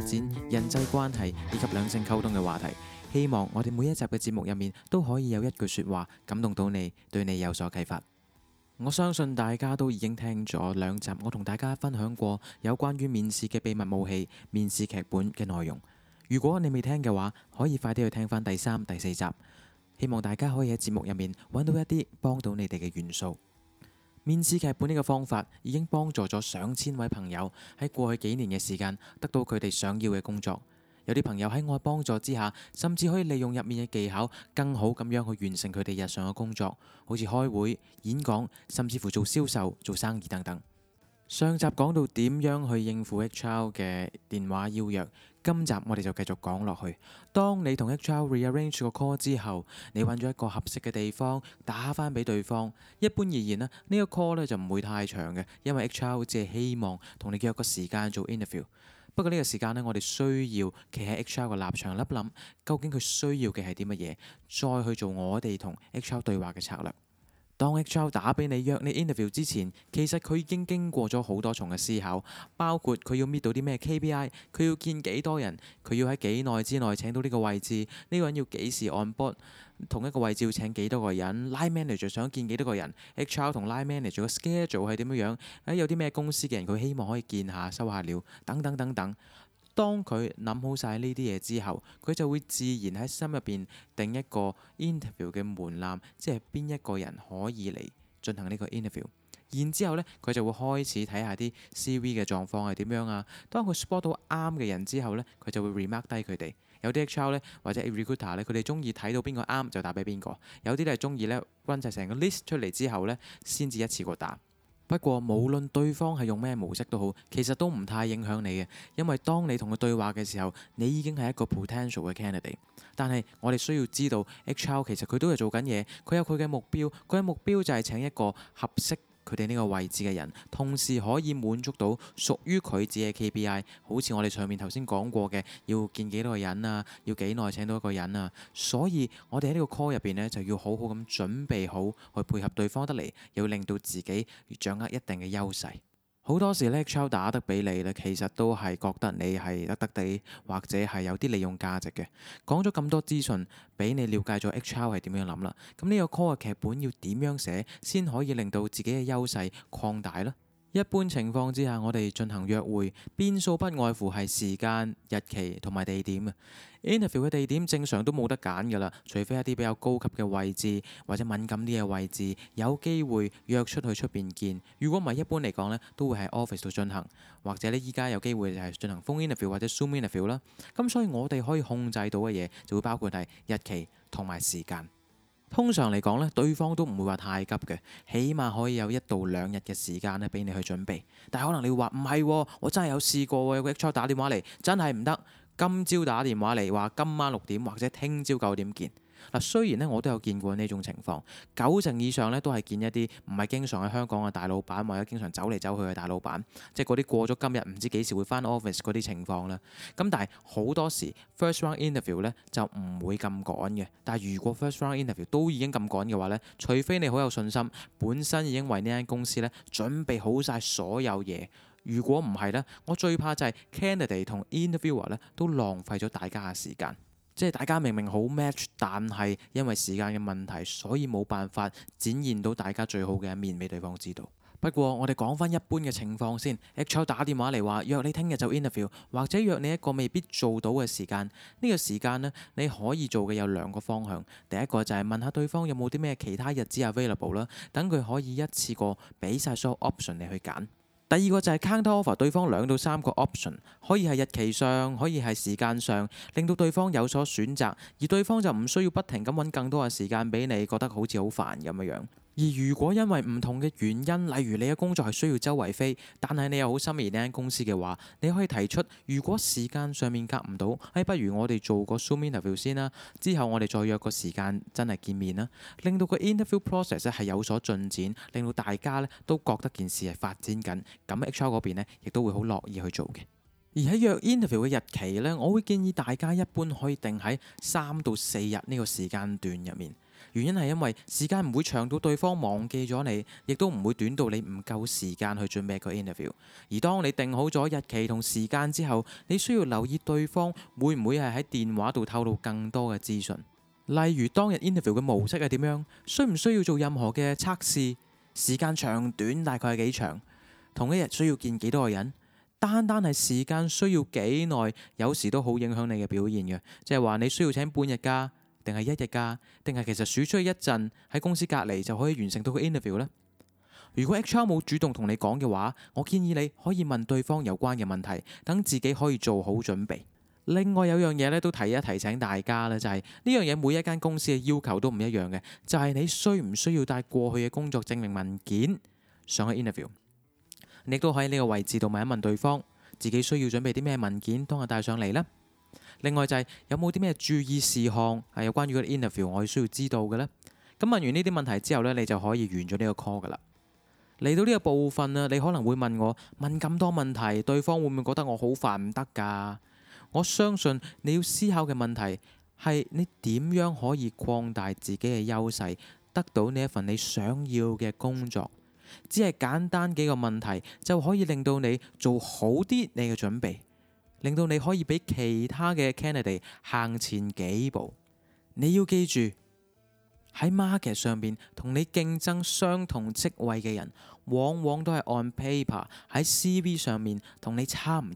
發展人際關係以及兩性溝通嘅話題，希望我哋每一集嘅節目入面都可以有一句說話感動到你，對你有所啟發。我相信大家都已經聽咗兩集，我同大家分享過有關於面試嘅秘密武器、面試劇本嘅內容。如果你未聽嘅話，可以快啲去聽翻第三、第四集。希望大家可以喺節目入面揾到一啲幫到你哋嘅元素。面試劇本呢個方法已經幫助咗上千位朋友喺過去幾年嘅時間得到佢哋想要嘅工作。有啲朋友喺我幫助之下，甚至可以利用入面嘅技巧更好咁樣去完成佢哋日常嘅工作，好似開會、演講，甚至乎做銷售、做生意等等。上集講到點樣去應付 H.R. 嘅電話邀約，今集我哋就繼續講落去。當你同 H.R. re-arrange 個 call 之後，你揾咗一個合適嘅地方打翻俾對方。一般而言啦，呢個 call 咧就唔會太長嘅，因為 H.R. 只係希望同你約個時間做 interview。不過呢個時間呢，我哋需要企喺 H.R. 嘅立場諗一諗，究竟佢需要嘅係啲乜嘢，再去做我哋同 H.R. 對話嘅策略。當 H.R. 打俾你約你 interview 之前，其實佢已經經過咗好多重嘅思考，包括佢要 meet 到啲咩 KPI，佢要見幾多人，佢要喺幾耐之內請到呢個位置，呢個人要幾時 on board，同一個位置要請幾多個人，line manager 想見幾多個人，H.R. 同 line manager 嘅 schedule 係點樣樣，喺有啲咩公司嘅人佢希望可以見下收下料等等等等。當佢諗好晒呢啲嘢之後，佢就會自然喺心入邊定一個 interview 嘅門檻，即係邊一個人可以嚟進行呢個 interview。然之後呢，佢就會開始睇下啲 CV 嘅狀況係點樣啊。當佢 spot 到啱嘅人之後呢，佢就會 remark 低佢哋。有啲 HR 咧，或者 recruiter 呢，佢哋中意睇到邊個啱就打俾邊個。有啲咧係中意呢，揾晒成個 list 出嚟之後呢，先至一次過打。不過，無論對方係用咩模式都好，其實都唔太影響你嘅，因為當你同佢對話嘅時候，你已經係一個 potential 嘅 candidate。但係我哋需要知道，HR 其實佢都係做緊嘢，佢有佢嘅目標，佢嘅目標就係請一個合適佢哋呢個位置嘅人，同時可以滿足到屬於佢自己嘅 KPI，好似我哋上面頭先講過嘅，要見幾多個人啊，要幾耐請到一個人啊，所以我哋喺呢個 call 入邊咧，就要好好咁準備好，去配合對方得嚟，要令到自己掌握一定嘅優勢。好多時呢，HR 打得俾你啦，其實都係覺得你係得得地，或者係有啲利用價值嘅。講咗咁多資訊俾你了解咗 HR 係點樣諗啦，咁呢個 call 嘅劇本要點樣寫先可以令到自己嘅優勢擴大呢？一般情況之下，我哋進行約會，變數不外乎係時間、日期同埋地點啊。Interview 嘅地點正常都冇得揀㗎啦，除非一啲比較高級嘅位置或者敏感啲嘅位置，有機會約出去出邊見。如果唔係，一般嚟講呢，都會喺 office 度進行，或者呢，依家有機會係進行 phone interview 或者 zoom interview 啦。咁所以我哋可以控制到嘅嘢，就會包括係日期同埋時間。通常嚟講咧，對方都唔會話太急嘅，起碼可以有一到兩日嘅時間咧，俾你去準備。但係可能你會話唔係喎，我真係有試過喎有個打電話嚟，真係唔得。今朝打電話嚟話今晚六點或者聽朝九點見。嗱，雖然咧我都有見過呢種情況，九成以上咧都係見一啲唔係經常喺香港嘅大老闆，或者經常走嚟走去嘅大老闆，即係嗰啲過咗今日唔知幾時會返 office 嗰啲情況啦。咁但係好多時 first round interview 咧就唔會咁趕嘅。但係如果 first round interview 都已經咁趕嘅話咧，除非你好有信心，本身已經為呢間公司咧準備好晒所有嘢。如果唔係咧，我最怕就係 candidate 同 interviewer 咧都浪費咗大家嘅時間。即係大家明明好 match，但係因為時間嘅問題，所以冇辦法展現到大家最好嘅一面俾對方知道。不過我哋講翻一般嘅情況先。HR 打電話嚟話約你聽日就 interview，或者約你一個未必做到嘅時間。呢、這個時間呢，你可以做嘅有兩個方向。第一個就係問下對方有冇啲咩其他日子 available 啦，等佢可以一次過俾晒所有 option 你去揀。第二個就係 counter offer，對方兩到三個 option，可以係日期上，可以係時間上，令到對方有所選擇，而對方就唔需要不停咁揾更多嘅時間俾你，覺得好似好煩咁樣樣。而如果因為唔同嘅原因，例如你嘅工作係需要周圍飛，但係你又好心儀呢間公司嘅話，你可以提出如果時間上面夾唔到，哎不如我哋做個 Zoom interview 先啦，之後我哋再約個時間真係見面啦，令到個 interview process 係有所進展，令到大家咧都覺得件事係發展緊，咁 HR 嗰邊咧亦都會好樂意去做嘅。而喺約 interview 嘅日期咧，我會建議大家一般可以定喺三到四日呢個時間段入面。原因係因為時間唔會長到對方忘記咗你，亦都唔會短到你唔夠時間去準備個 interview。而當你定好咗日期同時間之後，你需要留意對方會唔會係喺電話度透露更多嘅資訊，例如當日 interview 嘅模式係點樣，需唔需要做任何嘅測試，時間長短大概係幾長，同一日需要見幾多個人，單單係時間需要幾耐，有時都好影響你嘅表現嘅。即係話你需要請半日假。定係一日噶定係其實鼠出去一陣，喺公司隔籬就可以完成到個 interview 呢？如果 HR 冇主動同你講嘅話，我建議你可以問對方有關嘅問題，等自己可以做好準備。另外有樣嘢呢，都提一提醒大家啦，就係呢樣嘢每一間公司嘅要求都唔一樣嘅，就係你需唔需要帶過去嘅工作證明文件上去 interview？你都喺呢個位置度問一問對方，自己需要準備啲咩文件，當日帶上嚟呢。另外就係、是、有冇啲咩注意事項係有關於嗰個 interview，我哋需要知道嘅呢？咁問完呢啲問題之後呢，你就可以完咗呢個 call 噶啦。嚟到呢個部分啊，你可能會問我問咁多問題，對方會唔會覺得我好煩唔得㗎？我相信你要思考嘅問題係你點樣可以擴大自己嘅優勢，得到呢一份你想要嘅工作。只係簡單幾個問題就可以令到你做好啲你嘅準備。令到你可以比其他嘅 candidate 行前幾步。你要記住喺 market 上面同你競爭相同職位嘅人，往往都係 on paper 喺 CV 上面同你差唔多。